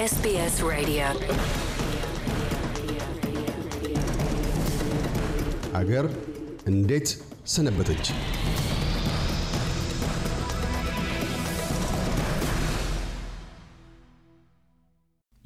SBS Radio. አገር እንዴት ሰነበተች?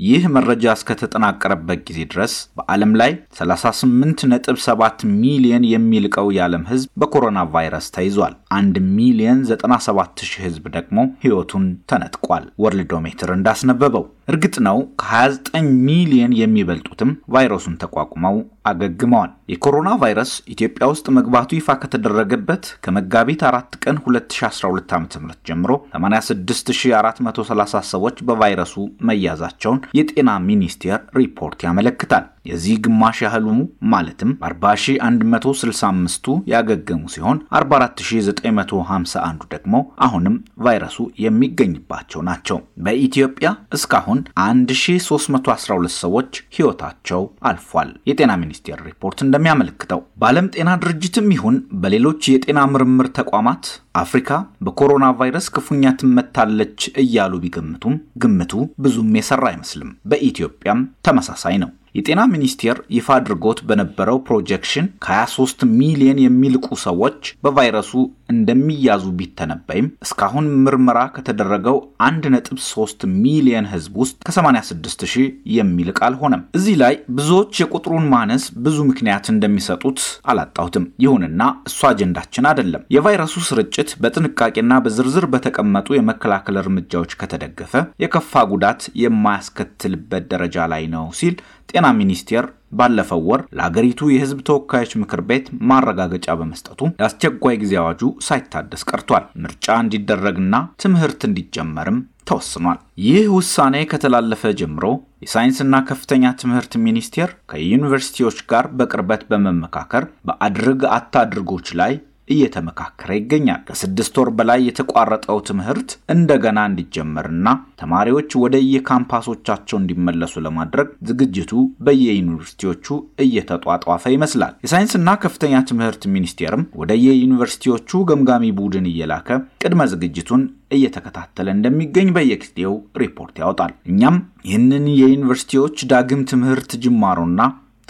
ይህ መረጃ እስከተጠናቀረበት ጊዜ ድረስ በዓለም ላይ 38.7 ሚሊዮን የሚልቀው የዓለም ህዝብ በኮሮና ቫይረስ ተይዟል። 1 ሚሊዮን 97 ሺህ ህዝብ ደግሞ ሕይወቱን ተነጥቋል። ወርልዶሜትር እንዳስነበበው እርግጥ ነው ከ29 ሚሊዮን የሚበልጡትም ቫይረሱን ተቋቁመው አገግመዋል። የኮሮና ቫይረስ ኢትዮጵያ ውስጥ መግባቱ ይፋ ከተደረገበት ከመጋቢት አራት ቀን 2012 ዓ ም ጀምሮ 86430 ሰዎች በቫይረሱ መያዛቸውን የጤና ሚኒስቴር ሪፖርት ያመለክታል። የዚህ ግማሽ ያህሉ ማለትም 40165ቱ ያገገሙ ሲሆን 44951ዱ ደግሞ አሁንም ቫይረሱ የሚገኝባቸው ናቸው። በኢትዮጵያ እስካሁን 1312 ሰዎች ሕይወታቸው አልፏል። የጤና ሚኒስቴር ሪፖርት እንደሚያመለክተው በዓለም ጤና ድርጅትም ይሁን በሌሎች የጤና ምርምር ተቋማት አፍሪካ በኮሮና ቫይረስ ክፉኛ ትመታለች እያሉ ቢገምቱም ግምቱ ብዙም የሰራ አይመስልም። በኢትዮጵያም ተመሳሳይ ነው። የጤና ሚኒስቴር ይፋ አድርጎት በነበረው ፕሮጀክሽን ከ23 ሚሊየን የሚልቁ ሰዎች በቫይረሱ እንደሚያዙ ቢተነበይም እስካሁን ምርመራ ከተደረገው 1.3 ሚሊየን ህዝብ ውስጥ ከ86 ሺህ የሚልቅ አልሆነም። እዚህ ላይ ብዙዎች የቁጥሩን ማነስ ብዙ ምክንያት እንደሚሰጡት አላጣሁትም። ይሁንና እሱ አጀንዳችን አይደለም። የቫይረሱ ስርጭት በጥንቃቄና በዝርዝር በተቀመጡ የመከላከል እርምጃዎች ከተደገፈ የከፋ ጉዳት የማያስከትልበት ደረጃ ላይ ነው ሲል ጤና ሚኒስቴር ባለፈው ወር ለአገሪቱ የህዝብ ተወካዮች ምክር ቤት ማረጋገጫ በመስጠቱ የአስቸኳይ ጊዜ አዋጁ ሳይታደስ ቀርቷል። ምርጫ እንዲደረግና ትምህርት እንዲጀመርም ተወስኗል። ይህ ውሳኔ ከተላለፈ ጀምሮ የሳይንስና ከፍተኛ ትምህርት ሚኒስቴር ከዩኒቨርሲቲዎች ጋር በቅርበት በመመካከር በአድርግ አታድርጎች ላይ እየተመካከረ ይገኛል። ከስድስት ወር በላይ የተቋረጠው ትምህርት እንደገና እንዲጀመርና ተማሪዎች ወደ የካምፓሶቻቸው እንዲመለሱ ለማድረግ ዝግጅቱ በየዩኒቨርሲቲዎቹ እየተጧጧፈ ይመስላል። የሳይንስና ከፍተኛ ትምህርት ሚኒስቴርም ወደ የዩኒቨርሲቲዎቹ ገምጋሚ ቡድን እየላከ ቅድመ ዝግጅቱን እየተከታተለ እንደሚገኝ በየጊዜው ሪፖርት ያወጣል። እኛም ይህንን የዩኒቨርሲቲዎች ዳግም ትምህርት ጅማሮና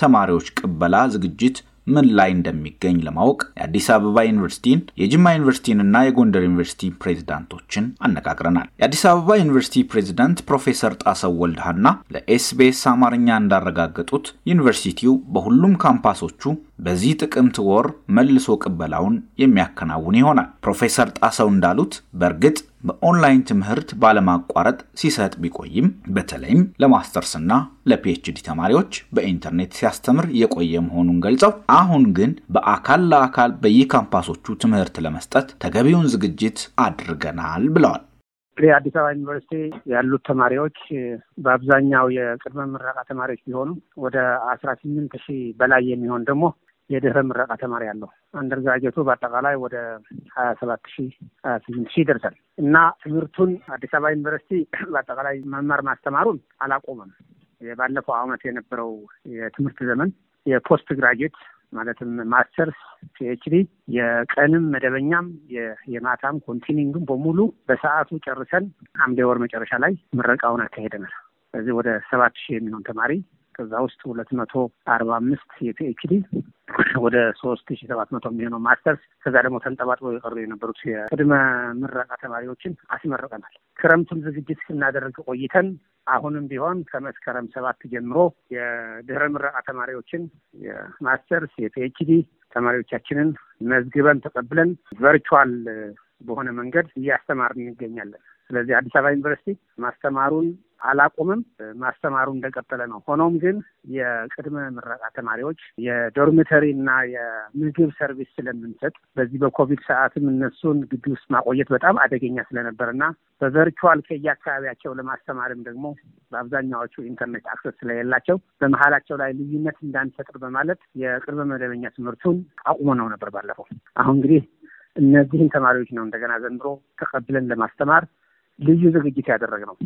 ተማሪዎች ቅበላ ዝግጅት ምን ላይ እንደሚገኝ ለማወቅ የአዲስ አበባ ዩኒቨርሲቲን የጅማ ዩኒቨርሲቲንና የጎንደር ዩኒቨርሲቲ ፕሬዚዳንቶችን አነጋግረናል። የአዲስ አበባ ዩኒቨርሲቲ ፕሬዚዳንት ፕሮፌሰር ጣሰው ወልድሃና ለኤስቢኤስ አማርኛ እንዳረጋገጡት ዩኒቨርሲቲው በሁሉም ካምፓሶቹ በዚህ ጥቅምት ወር መልሶ ቅበላውን የሚያከናውን ይሆናል። ፕሮፌሰር ጣሰው እንዳሉት በእርግጥ በኦንላይን ትምህርት ባለማቋረጥ ሲሰጥ ቢቆይም በተለይም ለማስተርስና ለፒኤችዲ ተማሪዎች በኢንተርኔት ሲያስተምር የቆየ መሆኑን ገልጸው አሁን ግን በአካል ለአካል በየካምፓሶቹ ትምህርት ለመስጠት ተገቢውን ዝግጅት አድርገናል ብለዋል። እንግዲህ አዲስ አበባ ዩኒቨርሲቲ ያሉት ተማሪዎች በአብዛኛው የቅድመ ምረቃ ተማሪዎች ቢሆኑ ወደ አስራ ስምንት ሺህ በላይ የሚሆን ደግሞ የድህረ ምረቃ ተማሪ ያለው አንደርግራጀቱ በአጠቃላይ ወደ ሀያ ሰባት ሺ ሀያ ስምንት ሺ ይደርሳል እና ትምህርቱን አዲስ አበባ ዩኒቨርሲቲ በአጠቃላይ መማር ማስተማሩን አላቆመም። ባለፈው አመት የነበረው የትምህርት ዘመን የፖስት ግራጁዌት ማለትም ማስተርስ፣ ፒኤችዲ የቀንም መደበኛም የማታም ኮንቲኒንግም በሙሉ በሰዓቱ ጨርሰን ሐምሌ ወር መጨረሻ ላይ ምረቃውን አካሄደናል። በዚህ ወደ ሰባት ሺህ የሚሆን ተማሪ ከዛ ውስጥ ሁለት መቶ አርባ አምስት የፒኤችዲ ወደ ሶስት ሺ ሰባት መቶ የሚሆነው ማስተርስ ከዛ ደግሞ ተንጠባጥበው የቀሩ የነበሩት የቅድመ ምረቃ ተማሪዎችን አስመርቀናል። ክረምቱን ዝግጅት ስናደርግ ቆይተን አሁንም ቢሆን ከመስከረም ሰባት ጀምሮ የድህረ ምረቃ ተማሪዎችን የማስተርስ የፒኤችዲ ተማሪዎቻችንን መዝግበን ተቀብለን ቨርቹዋል በሆነ መንገድ እያስተማርን እንገኛለን። ስለዚህ አዲስ አበባ ዩኒቨርሲቲ ማስተማሩን አላቆምም። ማስተማሩ እንደቀጠለ ነው። ሆኖም ግን የቅድመ ምረቃ ተማሪዎች የዶርሚተሪ እና የምግብ ሰርቪስ ስለምንሰጥ በዚህ በኮቪድ ሰዓትም እነሱን ግቢ ውስጥ ማቆየት በጣም አደገኛ ስለነበር እና በቨርቹዋል ከየአካባቢያቸው ለማስተማርም ደግሞ በአብዛኛዎቹ ኢንተርኔት አክሰስ ስለሌላቸው በመሀላቸው ላይ ልዩነት እንዳንፈጥር በማለት የቅድመ መደበኛ ትምህርቱን አቁሞ ነው ነበር ባለፈው። አሁን እንግዲህ እነዚህን ተማሪዎች ነው እንደገና ዘንድሮ ተቀብለን ለማስተማር ልዩ ዝግጅት ነው።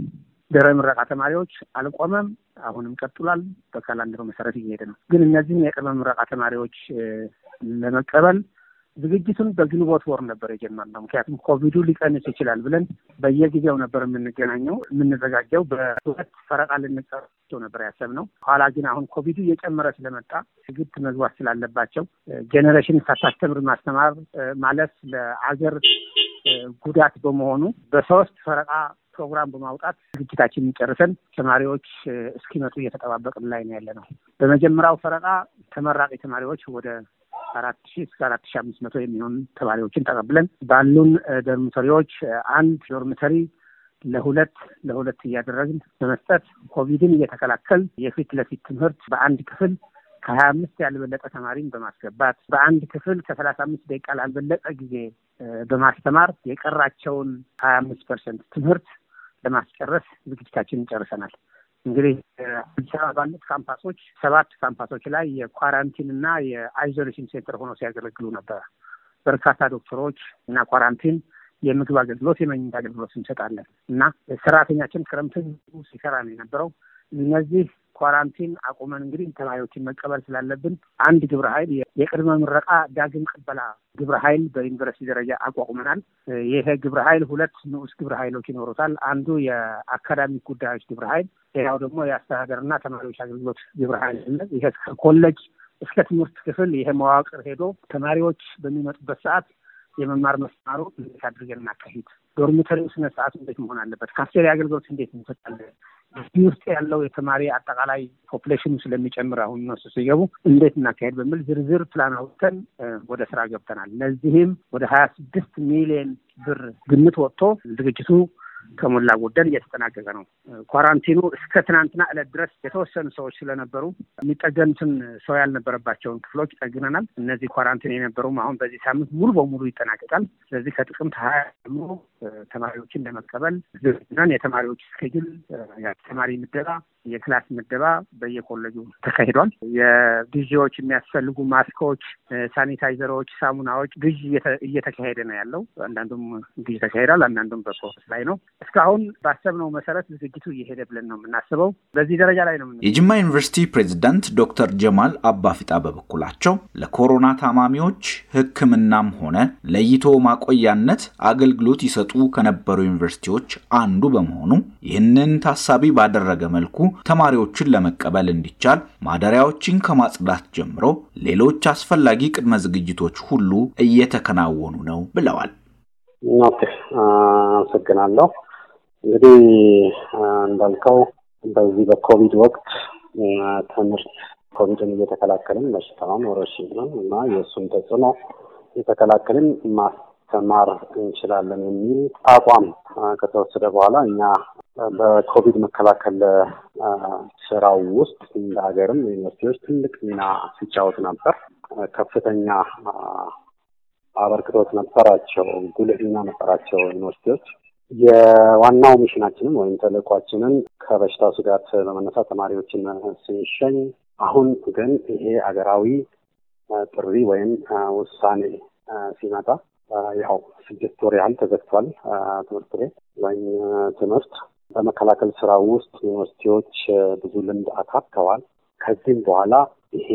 ድህረ ምረቃ ተማሪዎች አልቆመም፣ አሁንም ቀጥሏል። በካላንደሩ መሰረት እየሄደ ነው። ግን እነዚህም የቅድመ ምረቃ ተማሪዎች ለመቀበል ዝግጅቱን በግንቦት ወር ነበር የጀመርነው። ምክንያቱም ኮቪዱ ሊቀንስ ይችላል ብለን በየጊዜው ነበር የምንገናኘው የምንዘጋጀው። በሁለት ፈረቃ ልንቀራቸው ነበር ያሰብነው። ኋላ ግን አሁን ኮቪዱ እየጨመረ ስለመጣ ግድ መግባት ስላለባቸው ጄኔሬሽን ሳታስተምር ማስተማር ማለት ለአገር ጉዳት በመሆኑ በሶስት ፈረቃ ፕሮግራም በማውጣት ዝግጅታችንን ጨርሰን ተማሪዎች እስኪመጡ እየተጠባበቅን ላይ ነው ያለ ነው። በመጀመሪያው ፈረቃ ተመራቂ ተማሪዎች ወደ አራት ሺ እስከ አራት ሺ አምስት መቶ የሚሆን ተማሪዎችን ተቀብለን ባሉን ዶርሚተሪዎች አንድ ዶርሚተሪ ለሁለት ለሁለት እያደረግን በመስጠት ኮቪድን እየተከላከል የፊት ለፊት ትምህርት በአንድ ክፍል ከሀያ አምስት ያልበለጠ ተማሪን በማስገባት በአንድ ክፍል ከሰላሳ አምስት ደቂቃ ላልበለጠ ጊዜ በማስተማር የቀራቸውን ሀያ አምስት ፐርሰንት ትምህርት ለማስጨረስ ዝግጅታችንን ጨርሰናል። እንግዲህ አዲስ አበባ ባሉት ካምፓሶች ሰባት ካምፓሶች ላይ የኳራንቲን እና የአይዞሌሽን ሴንተር ሆነው ሲያገለግሉ ነበረ። በርካታ ዶክተሮች እና ኳራንቲን የምግብ አገልግሎት የመኝታ አገልግሎት እንሰጣለን እና ሰራተኛችን ክረምትን ሲሰራ ነው የነበረው። እነዚህ ኳራንቲን አቁመን እንግዲህ ተማሪዎችን መቀበል ስላለብን አንድ ግብረ ኃይል የቅድመ ምረቃ ዳግም ቅበላ ግብረ ኃይል በዩኒቨርሲቲ ደረጃ አቋቁመናል። ይሄ ግብረ ኃይል ሁለት ንዑስ ግብረ ኃይሎች ይኖሩታል። አንዱ የአካዳሚክ ጉዳዮች ግብረ ኃይል፣ ሌላው ደግሞ የአስተዳደርና ተማሪዎች አገልግሎት ግብረ ኃይል አለ። ይሄ እስከ ትምህርት ክፍል ይሄ መዋቅር ሄዶ ተማሪዎች በሚመጡበት ሰዓት የመማር መስማሩ እንዴት አድርገን እናካሂድ፣ ዶርሚተሪው ስነ ስርዓቱ እንዴት መሆን አለበት፣ ካፍቴሪያ አገልግሎት እንዴት እንሰጣለን በዚህ ውስጥ ያለው የተማሪ አጠቃላይ ፖፕሌሽኑ ስለሚጨምር አሁን ዩኒቨርስቲ ሲገቡ እንዴት እናካሄድ በሚል ዝርዝር ፕላን አውጥተን ወደ ስራ ገብተናል። ለዚህም ወደ ሀያ ስድስት ሚሊዮን ብር ግምት ወጥቶ ዝግጅቱ ከሞላ ጎደል እየተጠናቀቀ ነው። ኳራንቲኑ እስከ ትናንትና ዕለት ድረስ የተወሰኑ ሰዎች ስለነበሩ የሚጠገኑትን ሰው ያልነበረባቸውን ክፍሎች ጠግነናል። እነዚህ ኳራንቲን የነበሩም አሁን በዚህ ሳምንት ሙሉ በሙሉ ይጠናቀቃል። ስለዚህ ከጥቅምት ሀያ ጀምሮ ተማሪዎችን ለመቀበል ዝግጅናን የተማሪዎች ስኬጁል፣ ተማሪ ምደባ፣ የክላስ ምደባ በየኮሌጁ ተካሂዷል። የግዢዎች የሚያስፈልጉ ማስኮች፣ ሳኒታይዘሮች፣ ሳሙናዎች ግዢ እየተካሄደ ነው ያለው። አንዳንዱም ግዢ ተካሂዷል፣ አንዳንዱም በፕሮሰስ ላይ ነው። እስካሁን ባሰብነው መሰረት ዝግጅቱ እየሄደ ብለን ነው የምናስበው። በዚህ ደረጃ ላይ ነው። የጅማ ዩኒቨርሲቲ ፕሬዚዳንት ዶክተር ጀማል አባፊጣ በበኩላቸው ለኮሮና ታማሚዎች ሕክምናም ሆነ ለይቶ ማቆያነት አገልግሎት ይሰጡ ይመረጡ ከነበሩ ዩኒቨርሲቲዎች አንዱ በመሆኑ ይህንን ታሳቢ ባደረገ መልኩ ተማሪዎችን ለመቀበል እንዲቻል ማደሪያዎችን ከማጽዳት ጀምሮ ሌሎች አስፈላጊ ቅድመ ዝግጅቶች ሁሉ እየተከናወኑ ነው ብለዋል። አመሰግናለሁ። እንግዲህ እንዳልከው በዚህ በኮቪድ ወቅት ትምህርት ኮቪድን እየተከላከልን በሽታውን ወረርሽኝ እና የእሱን ተጽዕኖ የተከላከልን ማስ ማስተማር እንችላለን የሚል አቋም ከተወሰደ በኋላ እኛ በኮቪድ መከላከል ስራው ውስጥ እንደ ሀገርም ዩኒቨርሲቲዎች ትልቅ ሚና ሲጫወት ነበር። ከፍተኛ አበርክቶት ነበራቸው፣ ጉልህ ሚና ነበራቸው ዩኒቨርሲቲዎች። የዋናው ሚሽናችንን ወይም ተልእኳችንን ከበሽታው ስጋት በመነሳት ተማሪዎችን ስንሸኝ፣ አሁን ግን ይሄ አገራዊ ጥሪ ወይም ውሳኔ ሲመጣ ያው ስድስት ወር ያህል ተዘግቷል ትምህርት ቤት ላኝ ትምህርት በመከላከል ስራ ውስጥ ዩኒቨርሲቲዎች ብዙ ልምድ አካብተዋል። ከዚህም በኋላ ይሄ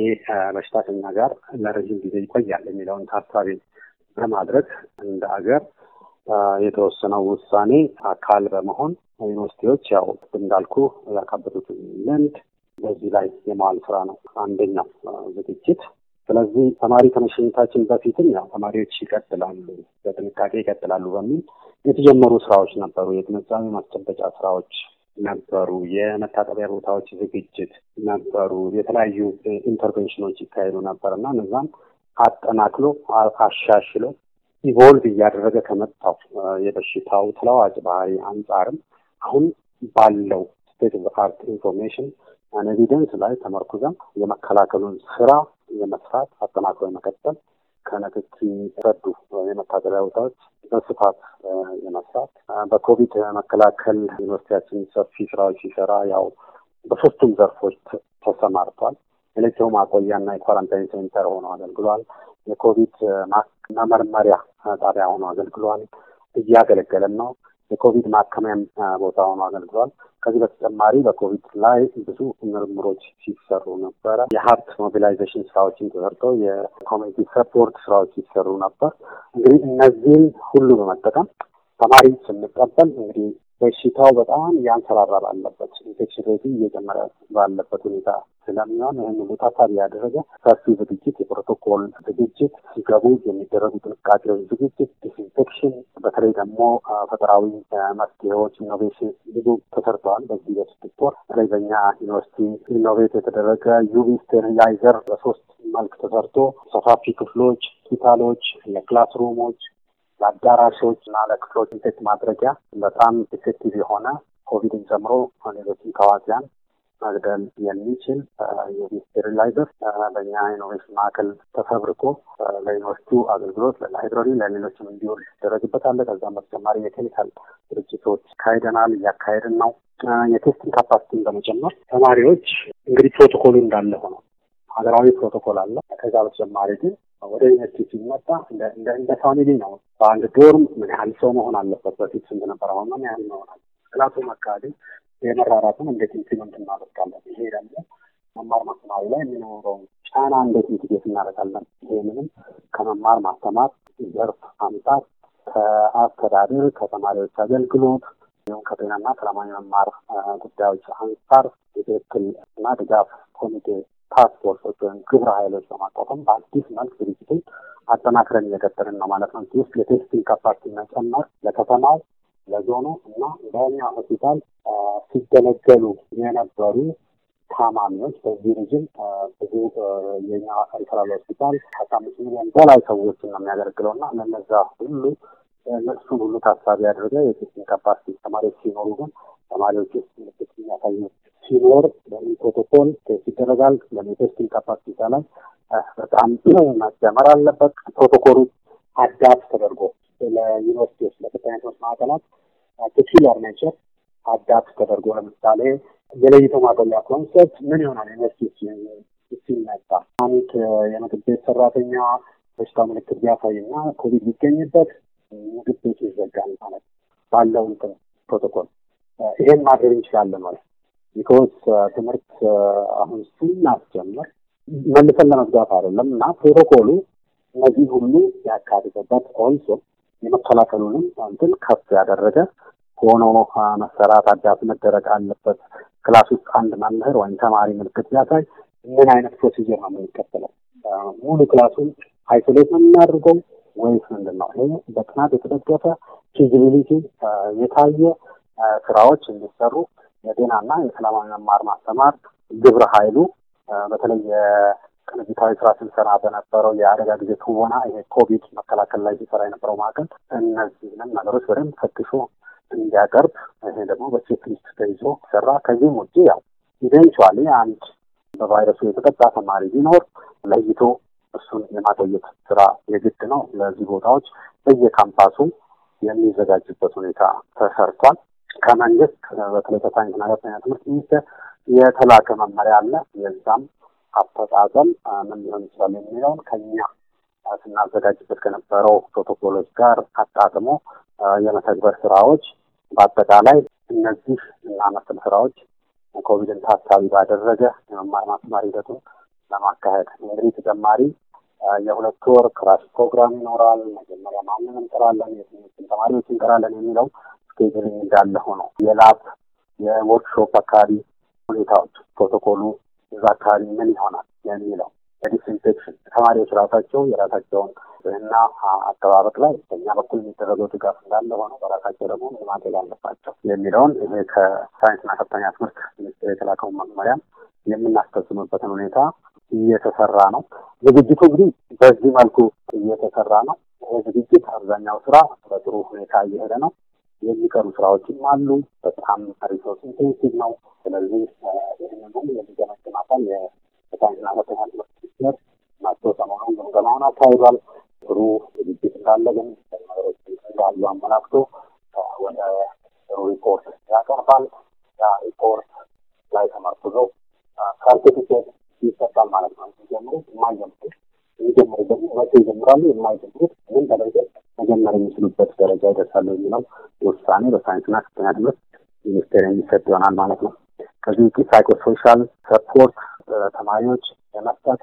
በሽታ ከኛ ጋር ለረዥም ጊዜ ይቆያል የሚለውን ታሳቢ በማድረግ እንደ አገር የተወሰነው ውሳኔ አካል በመሆን ዩኒቨርሲቲዎች ያው እንዳልኩ ያካበቱትን ልምድ በዚህ ላይ የመዋል ስራ ነው አንደኛው ዝግጅት። ስለዚህ ተማሪ ከመሸኘታችን በፊትም ያው ተማሪዎች ይቀጥላሉ፣ በጥንቃቄ ይቀጥላሉ በሚል የተጀመሩ ስራዎች ነበሩ። የግንዛቤ ማስጨበጫ ስራዎች ነበሩ። የመታጠቢያ ቦታዎች ዝግጅት ነበሩ። የተለያዩ ኢንተርቬንሽኖች ይካሄዱ ነበር እና እነዛም አጠናክሎ አሻሽሎ ኢቮልቭ እያደረገ ከመጣው የበሽታው ተለዋጭ ባህሪ አንጻርም አሁን ባለው ስቴት ኦፍ አርት ኢንፎርሜሽን ኤቪደንስ ላይ ተመርኩዘን የመከላከሉን ስራ የመስራት አጠናክሮ መቀጠል ከንክኪ ረዱ የመታጠቢያ ቦታዎች በስፋት የመስራት በኮቪድ መከላከል ዩኒቨርሲቲያችን ሰፊ ስራዎች ሲሰራ ያው በሶስቱም ዘርፎች ተሰማርቷል። ማቆያ ማቆያና የኳራንታይን ሴንተር ሆኖ አገልግሏል። የኮቪድ መመርመሪያ ጣቢያ ሆኖ አገልግሏል። እያገለገለን ነው። የኮቪድ ማከሚያም ቦታ ሆኖ አገልግሏል። ከዚህ በተጨማሪ በኮቪድ ላይ ብዙ ምርምሮች ሲሰሩ ነበረ። የሀብት ሞቢላይዜሽን ስራዎችን ተሰርተው የኮሚኒቲ ሰፖርት ስራዎች ሲሰሩ ነበር። እንግዲህ እነዚህን ሁሉ በመጠቀም ተማሪ ስንቀበል እንግዲህ በሽታው በጣም እያንሰራራ ባለበት ኢንፌክሽን ሬቱ እየጨመረ ባለበት ሁኔታ ስለሚሆን ይህን ሁሉ ታሳቢ ያደረገ ሰፊ ዝግጅት፣ የፕሮቶኮል ዝግጅት፣ ሲገቡ የሚደረጉ ጥንቃቄ ዝግጅት፣ ዲስኢንፌክሽን፣ በተለይ ደግሞ ፈጠራዊ መፍትሄዎች ኢኖቬሽን ብዙ ተሰርተዋል። በዚህ በስድስት ወር በተለይ በኛ ዩኒቨርሲቲ ኢኖቬት የተደረገ ዩቪ ስቴሪላይዘር በሶስት መልክ ተሰርቶ ሰፋፊ ክፍሎች ሆስፒታሎች፣ የክላስ ለአዳራሾች እና ለክፍሎች ኢንፌክት ማድረጊያ በጣም ኢፌክቲቭ የሆነ ኮቪድን ጨምሮ ሌሎችን ተዋሲያን መግደል የሚችል የቤት በኛ ኢኖቬሽን ማዕከል ተፈብርቆ ለዩኒቨርስቲው አገልግሎት ለላይብረሪ፣ ለሌሎችም እንዲውል ይደረግበታል። ከዛም በተጨማሪ የኬሚካል ድርጅቶች ካሄደናል እያካሄድን ነው። የቴስቲንግ ካፓሲቲን በመጨመር ተማሪዎች እንግዲህ ፕሮቶኮሉ እንዳለ ሆነው ሀገራዊ ፕሮቶኮል አለ። ከዛ በተጨማሪ ግን ወደ ዩኒቨርሲቲ ሲመጣ እንደ ፋሚሊ ነው። በአንድ ዶርም ምን ያህል ሰው መሆን አለበት? በፊት ስንት ነበር? አሁን ምን ያህል መሆን አለበት? ክላሱም አካባቢ የመራራቱን እንዴት ኢምፕሊመንት እናደርጋለን? ይሄ ደግሞ መማር ማስተማሩ ላይ የሚኖረውን ጫና እንዴት ምትጌት እናደርጋለን? ይሄ ምንም ከመማር ማስተማር ዘርፍ አንጻር ከአስተዳደር፣ ከተማሪዎች አገልግሎት እንዲሁም ከጤናና ሰላማዊ መማር ጉዳዮች አንጻር የትክክል እና ድጋፍ ኮሚቴ ታስክ ፎርሶች ወይም ግብረ ኃይሎች በማቋቋም በአዲስ መልክ ድርጅቱን አጠናክረን እየቀጠልን ነው ማለት ነው። ውስጥ የቴስቲንግ ካፓሲቲ መጨመር ለከተማው ለዞኑ እና ለእኛ ሆስፒታል ሲገለገሉ የነበሩ ታማሚዎች በዚህ ሪጅን ብዙ የኛ ሪፈራል ሆስፒታል አስራ አምስት ሚሊዮን በላይ ሰዎችን ነው የሚያገለግለው እና ለነዛ ሁሉ እነሱን ሁሉ ታሳቢ ያደረገ የቴስቲንግ ካፓሲቲ ተማሪዎች ሲኖሩ ግን ተማሪዎች ውስጥ ምልክት የሚያሳዩ ሲኖር ፕሮቶኮል ቴስት ይደረጋል። ለቴስቲንግ ካፓሲቲ ላይ በጣም ማስጀመር አለበት። ፕሮቶኮሉ አዳፕት ተደርጎ ለዩኒቨርሲቲዎች ለከፍተኛ ትምህርት ማዕከላት ፐርቲኩላር ኔቸር አዳፕት ተደርጎ ለምሳሌ የለይቶ ማቆያ ኮንሰርት ምን ይሆናል ዩኒቨርሲቲዎች ሲመጣ አንድ የምግብ ቤት ሰራተኛ በሽታ ምልክት ቢያሳይ ቢያሳይና ኮቪድ ቢገኝበት ምግብ ቤቱ ይዘጋል ማለት ባለው ፕሮቶኮል ይሄን ማድረግ እንችላለን ማለት ቢኮዝ ትምህርት አሁን ስናስጀምር መልሰን ለመዝጋት አይደለም እና ፕሮቶኮሉ እነዚህ ሁሉ ያካተተበት ኦልሶ የመከላከሉንም እንትን ከፍ ያደረገ ሆኖ መሰራት አዳፍ መደረግ አለበት። ክላስ ውስጥ አንድ መምህር ወይም ተማሪ ምልክት ሲያሳይ ምን አይነት ፕሮሲጀር ነው የምንከተለው? ሙሉ ክላሱን አይሶሌት ነው የምናደርገው ወይስ ምንድን ነው? ይሄ በጥናት የተደገፈ ፊዚቢሊቲ የታየ ስራዎች እንዲሰሩ የጤናና የሰላማዊ መማር ማስተማር ግብረ ኃይሉ በተለይ የቅንጅታዊ ስራ ስንሰራ በነበረው የአደጋ ጊዜ ትወና ይሄ ኮቪድ መከላከል ላይ ሲሰራ የነበረው ማዕከል እነዚህንም ነገሮች በደንብ ፈትሾ እንዲያቀርብ ይሄ ደግሞ በቼክ ሊስት ተይዞ ሰራ። ከዚህም ውጭ ያው ኢቨንቹዋሊ አንድ በቫይረሱ የተጠቃ ተማሪ ቢኖር ለይቶ እሱን የማቆየት ስራ የግድ ነው። ለዚህ ቦታዎች በየካምፓሱ የሚዘጋጅበት ሁኔታ ተሰርቷል። ከመንግስት በተለይ ከሳይንስና ከፍተኛ ትምህርት ሚኒስቴር የተላከ መመሪያ አለ። የዛም አፈጻጸም ምን ሊሆን ይችላል የሚለውን ከኛ ስናዘጋጅበት ከነበረው ፕሮቶኮሎች ጋር አጣጥሞ የመተግበር ስራዎች በአጠቃላይ እነዚህ እና መሰል ስራዎች ኮቪድን ታሳቢ ባደረገ የመማር ማስተማር ሂደቱን ለማካሄድ እንግዲህ ተጨማሪ የሁለት ወር ክራሽ ፕሮግራም ይኖራል። መጀመሪያ ማንን እንጠራለን፣ የትኞችን ተማሪዎች እንጠራለን የሚለው ስኬጁል እንዳለ ሆኖ የላብ የወርክሾፕ አካባቢ ሁኔታዎች ፕሮቶኮሉ እዛ አካባቢ ምን ይሆናል የሚለው የዲስኢንፌክሽን ተማሪዎች ራሳቸው የራሳቸውን እና አጠባበቅ ላይ በኛ በኩል የሚደረገው ድጋፍ እንዳለ ሆነ በራሳቸው ደግሞ ምን ማድረግ አለባቸው የሚለውን ይሄ ከሳይንስና ከፍተኛ ትምህርት ሚኒስቴር የተላከውን መመሪያ የምናስፈጽምበትን ሁኔታ እየተሰራ ነው። ዝግጅቱ እንግዲህ በዚህ መልኩ እየተሰራ ነው። ይሄ ዝግጅት አብዛኛው ስራ በጥሩ ሁኔታ እየሄደ ነው። የሚቀሩ ስራዎችም አሉ። በጣም ሪሶርስ ኢንቴንሲቭ ነው። ስለዚህ ይህንንም የሚገመግም አካል የሳይንስና ከፍተኛ ትምህርት ሚኒስቴር ናቸው። ሰሞኑን ግምገማውን አካሂዷል። ጥሩ ዝግጅት እንዳለ ግን ነገሮች እንዳሉ አመላክቶ ወደ ጥሩ ሪፖርት ያቀርባል። ያ ሪፖርት ላይ ተመርኩዞ ሰርቲፊኬት ይሰጣል ማለት ነው። ጀምሩ የማይጀምሩ የሚጀምሩ ደግሞ መቼ ይጀምራሉ፣ የማይጀምሩት ምን መጀመር የሚችሉበት ደረጃ ይደርሳሉ የሚለው ውሳኔ በሳይንስና ከፍተኛ ትምህርት ሚኒስቴር የሚሰጥ ይሆናል ማለት ነው። ከዚህ ውጭ ሳይኮሶሻል ሰፖርት ተማሪዎች የመስጠት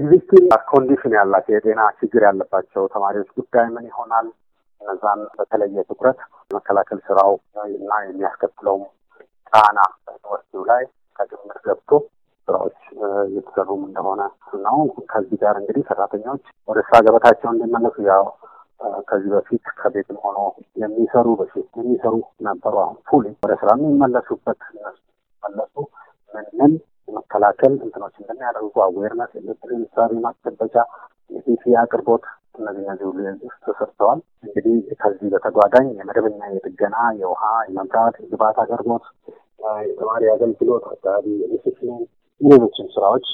ኤግዚስቲንግ ኮንዲሽን ያላቸው የጤና ችግር ያለባቸው ተማሪዎች ጉዳይ ምን ይሆናል? እነዛን በተለየ ትኩረት የመከላከል ስራው እና የሚያስከትለውም ጫና በዩኒቨርሲቲው ላይ ከግምት ገብቶ ስራዎች እየተሰሩም እንደሆነ ነው። ከዚህ ጋር እንግዲህ ሰራተኞች ወደ ስራ ገበታቸው እንዲመለሱ ያው ከዚህ በፊት ከቤትም ሆኖ የሚሰሩ በፊት የሚሰሩ ነበሩ። አሁን ፉሊ ወደ ስራ የሚመለሱበት መለሱ ምን መከላከል እንትኖች እንደሚያደርጉ አዌርነስ፣ የምግብ ምሳሌ ማስጠበጫ፣ የፊፊ አቅርቦት እነዚህ እነዚህ ሁሉ ተሰርተዋል። እንግዲህ ከዚህ በተጓዳኝ የመደበኛ የጥገና፣ የውሃ፣ የመብራት፣ የግባት አቅርቦት፣ የተማሪ አገልግሎት አካባቢ ዲሲፕሊን ሌሎችን ስራዎች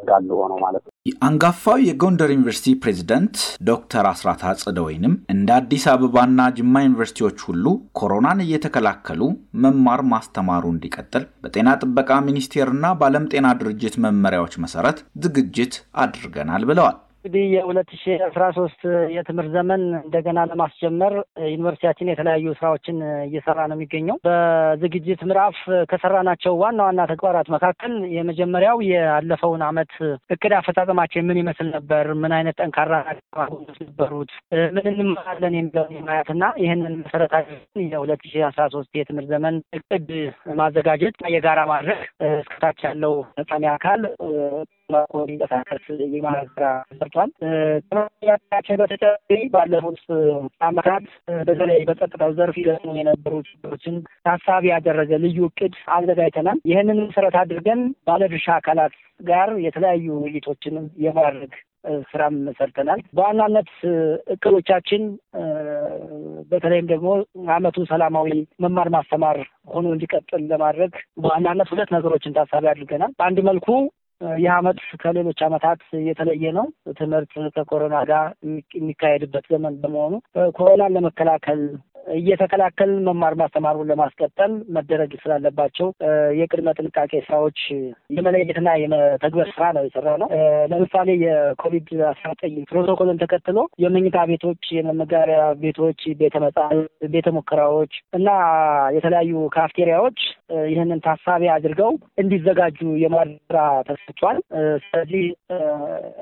እንዳሉ ሆኖ ማለት ነው። አንጋፋው የጎንደር ዩኒቨርሲቲ ፕሬዚደንት ዶክተር አስራት አጽደ ወይንም እንደ አዲስ አበባና ጅማ ዩኒቨርሲቲዎች ሁሉ ኮሮናን እየተከላከሉ መማር ማስተማሩ እንዲቀጥል በጤና ጥበቃ ሚኒስቴርና በዓለም ጤና ድርጅት መመሪያዎች መሰረት ዝግጅት አድርገናል ብለዋል። እንግዲህ የሁለት ሺ አስራ ሶስት የትምህርት ዘመን እንደገና ለማስጀመር ዩኒቨርሲቲያችን የተለያዩ ስራዎችን እየሰራ ነው የሚገኘው። በዝግጅት ምዕራፍ ከሰራናቸው ዋና ዋና ተግባራት መካከል የመጀመሪያው ያለፈውን አመት እቅድ አፈጻጸማችን ምን ይመስል ነበር፣ ምን አይነት ጠንካራ ነበሩት፣ ምን እንማራለን የሚለውን ማየት ይህንን መሰረታዊ የሁለት ሺ አስራ ሶስት የትምህርት ዘመን እቅድ ማዘጋጀት የጋራ ማድረግ እስከታች ያለው ፈጻሚ አካል እንዲንቀሳቀስ የማድረግ ስራ ሰርቷል። ከማያቸው በተጨማሪ ባለፉት አመታት በተለይ በጸጥታው ዘርፍ ይገጥሙ የነበሩ ችግሮችን ታሳቢ ያደረገ ልዩ እቅድ አዘጋጅተናል። ይህንን መሰረት አድርገን ባለድርሻ አካላት ጋር የተለያዩ ውይይቶችን የማድረግ ስራም ሰርተናል። በዋናነት እቅዶቻችን በተለይም ደግሞ አመቱ ሰላማዊ መማር ማስተማር ሆኖ እንዲቀጥል ለማድረግ በዋናነት ሁለት ነገሮችን ታሳቢ አድርገናል። በአንድ መልኩ ይህ አመት ከሌሎች አመታት የተለየ ነው። ትምህርት ከኮሮና ጋር የሚካሄድበት ዘመን በመሆኑ ኮሮናን ለመከላከል እየተከላከል መማር ማስተማሩን ለማስቀጠል መደረግ ስላለባቸው የቅድመ ጥንቃቄ ስራዎች የመለየትና የመተግበር ስራ ነው የሰራ ነው። ለምሳሌ የኮቪድ አስራ ዘጠኝ ፕሮቶኮልን ተከትሎ የመኝታ ቤቶች፣ የመመጋሪያ ቤቶች፣ ቤተ መጻሕፍት፣ ቤተ ሙከራዎች እና የተለያዩ ካፍቴሪያዎች ይህንን ታሳቢ አድርገው እንዲዘጋጁ የማድረግ ስራ ተሰርቷል። ስለዚህ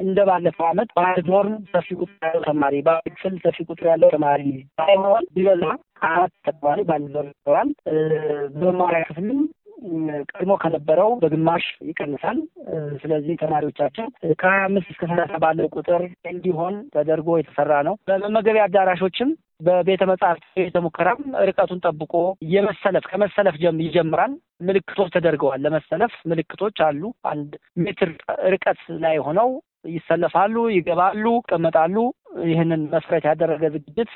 እንደ ባለፈው አመት በአንድ ዶርም ሰፊ ቁጥር ያለው ተማሪ በአንድ ክፍል ሰፊ ቁጥር ያለው ተማሪ ሳይሆን ቢበዛ አራት ተግባሪ ባልዘርዘዋል። በመማሪያ ክፍልም ቀድሞ ከነበረው በግማሽ ይቀንሳል። ስለዚህ ተማሪዎቻችን ከሀያ አምስት እስከ ሰላሳ ባለው ቁጥር እንዲሆን ተደርጎ የተሰራ ነው። በመመገቢያ አዳራሾችም በቤተ መጽሐፍት ቤተ ሙከራም ርቀቱን ጠብቆ የመሰለፍ ከመሰለፍ ይጀምራል። ምልክቶች ተደርገዋል። ለመሰለፍ ምልክቶች አሉ። አንድ ሜትር ርቀት ላይ ሆነው ይሰለፋሉ፣ ይገባሉ፣ ይቀመጣሉ። ይህንን መስረት ያደረገ ዝግጅት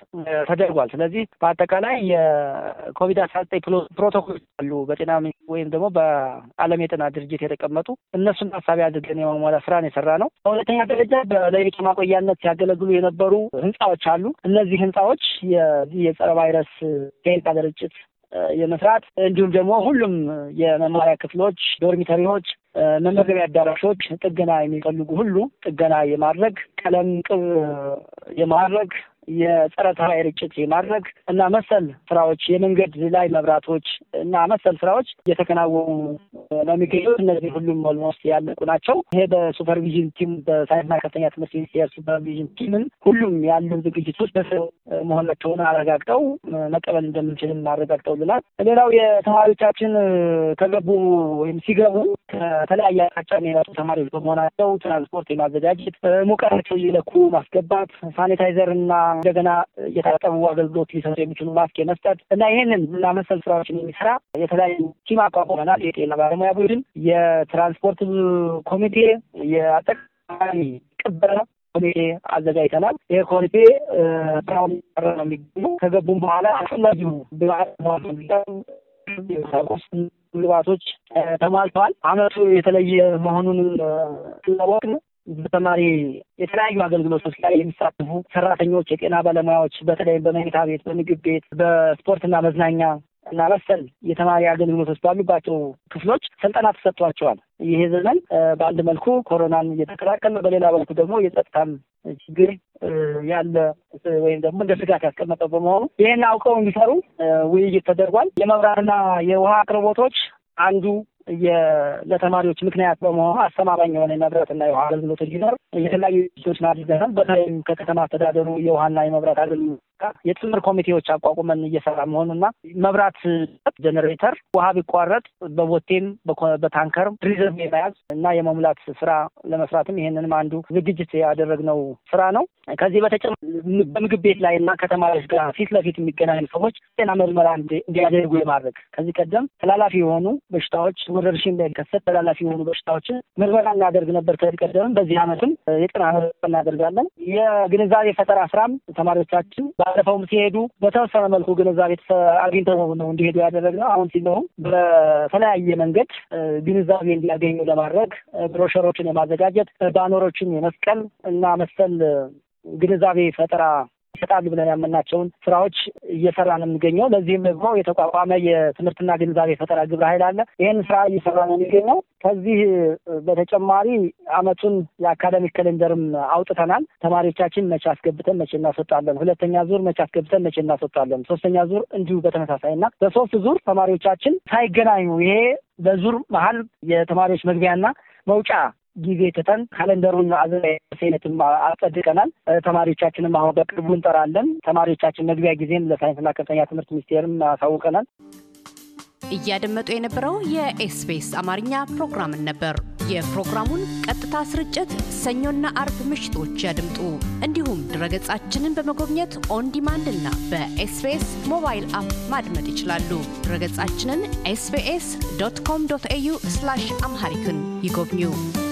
ተደርጓል። ስለዚህ በአጠቃላይ የኮቪድ አስራ ዘጠኝ ፕሮቶኮሎች አሉ በጤና ወይም ደግሞ በዓለም የጤና ድርጅት የተቀመጡ እነሱን ታሳቢ አድርገን የመሟላ ስራን የሰራ ነው። በሁለተኛ ደረጃ በለይቶ ማቆያነት ሲያገለግሉ የነበሩ ህንፃዎች አሉ። እነዚህ ህንፃዎች የጸረ ቫይረስ ዴልታ ስርጭት የመስራት እንዲሁም ደግሞ ሁሉም የመማሪያ ክፍሎች፣ ዶርሚተሪዎች፣ መመገቢያ አዳራሾች ጥገና የሚፈልጉ ሁሉ ጥገና የማድረግ ቀለም ቅብ የማድረግ የጸረ ተባይ ርጭት የማድረግ እና መሰል ስራዎች የመንገድ ላይ መብራቶች እና መሰል ስራዎች እየተከናወኑ ነው የሚገኙት። እነዚህ ሁሉም ኦልሞስት ያለቁ ናቸው። ይሄ በሱፐርቪዥን ቲም በሳይንስና ከፍተኛ ትምህርት ሚኒስቴር ሱፐርቪዥን ቲምን ሁሉም ያሉ ዝግጅቶች በሰው መሆናቸውን አረጋግጠው መቀበል እንደምንችልም አረጋግጠውልናል። ሌላው የተማሪዎቻችን ከገቡ ወይም ሲገቡ ከተለያየ አቅጣጫ የሚመጡ ተማሪዎች በመሆናቸው ትራንስፖርት የማዘጋጀት ሙቀታቸው እየለኩ ማስገባት ሳኒታይዘር እና እንደገና የታጠቡ አገልግሎት ሊሰጡ የሚችሉ ማስክ የመስጠት እና ይህንን እና መሰል ስራዎችን የሚሰራ የተለያዩ ቲም አቋቁመናል። የጤና ባለሙያ ቡድን፣ የትራንስፖርት ኮሚቴ፣ የአጠቃላይ ቅበላ ኮሚቴ አዘጋጅተናል። ይህ ኮሚቴ ስራውን ነው የሚገኙ ከገቡም በኋላ አስፈላጊው ግብአት ግባቶች ተሟልተዋል። አመቱ የተለየ መሆኑን ስለወቅን በተጨማሪ የተለያዩ አገልግሎቶች ላይ የሚሳተፉ ሰራተኞች፣ የጤና ባለሙያዎች በተለይም በመኝታ ቤት፣ በምግብ ቤት፣ በስፖርትና መዝናኛ እና መሰል የተማሪ አገልግሎቶች ባሉባቸው ክፍሎች ስልጠና ተሰጥቷቸዋል። ይህ ዘመን በአንድ መልኩ ኮሮናን ነው፣ በሌላ መልኩ ደግሞ የጸጥታን ችግር ያለ ወይም ደግሞ እንደ ስጋት ያስቀመጠው በመሆኑ ይህን አውቀው እንዲሰሩ ውይይት ተደርጓል። የመብራትና የውሃ አቅርቦቶች አንዱ ለተማሪዎች ምክንያት በመሆኑ አስተማማኝ የሆነ መብራትና የውሃ አገልግሎት እንዲኖር የተለያዩ ዝግጅቶችን አድርገናል። በተለይም ከከተማ አስተዳደሩ የውሃና የመብራት አገልግሎት የጥምር ኮሚቴዎች አቋቁመን እየሰራ መሆኑና መብራት ጀነሬተር ውሃ ቢቋረጥ በቦቴም በታንከር ሪዘርቭ የመያዝ እና የመሙላት ስራ ለመስራትም ይሄንንም አንዱ ዝግጅት ያደረግነው ስራ ነው። ከዚህ በተጨማሪ በምግብ ቤት ላይ እና ከተማሪዎች ጋር ፊት ለፊት የሚገናኙ ሰዎች ጤና ምርመራ እንዲያደርጉ የማድረግ ከዚህ ቀደም ተላላፊ የሆኑ በሽታዎች ወረርሽኝ እንዳይከሰት ተላላፊ የሆኑ በሽታዎችን ምርመራ እናደርግ ነበር። ከዚህ ቀደምም በዚህ ዓመትም የጤና ምርመራ እናደርጋለን። የግንዛቤ ፈጠራ ስራም ተማሪዎቻችን ባለፈውም ሲሄዱ በተወሰነ መልኩ ግንዛቤ አግኝተው ነው እንዲሄዱ ያደረግነው። አሁን ሲለውም በተለያየ መንገድ ግንዛቤ እንዲያገኙ ለማድረግ ብሮሸሮችን የማዘጋጀት ባኖሮችን የመስቀል እና መሰል ግንዛቤ ፈጠራ ይሰጣሉ ብለን ያመናቸውን ስራዎች እየሰራ ነው የሚገኘው። ለዚህም ደግሞ የተቋቋመ የትምህርትና ግንዛቤ ፈጠራ ግብረ ኃይል አለ። ይህን ስራ እየሰራ ነው የሚገኘው። ከዚህ በተጨማሪ አመቱን የአካዳሚክ ከሌንደርም አውጥተናል። ተማሪዎቻችን መቼ አስገብተን መቼ እናስወጣለን፣ ሁለተኛ ዙር መቼ አስገብተን መቼ እናስወጣለን፣ ሶስተኛ ዙር እንዲሁ በተመሳሳይ እና በሶስት ዙር ተማሪዎቻችን ሳይገናኙ ይሄ በዙር መሀል የተማሪዎች መግቢያና መውጫ ጊዜ ትተን ካለንደሩን ሴኔትም አጸድቀናል። ተማሪዎቻችንም አሁን በቅርቡ እንጠራለን። ተማሪዎቻችን መግቢያ ጊዜም ለሳይንስና ከፍተኛ ትምህርት ሚኒስቴርም አሳውቀናል። እያደመጡ የነበረው የኤስቢኤስ አማርኛ ፕሮግራምን ነበር። የፕሮግራሙን ቀጥታ ስርጭት ሰኞና አርብ ምሽቶች ያድምጡ። እንዲሁም ድረገጻችንን በመጎብኘት ኦን ዲማንድ እና በኤስቢኤስ ሞባይል አፕ ማድመጥ ይችላሉ። ድረገጻችንን ኤስቢኤስ ዶት ኮም ዶት ኤዩ አምሃሪክን ይጎብኙ።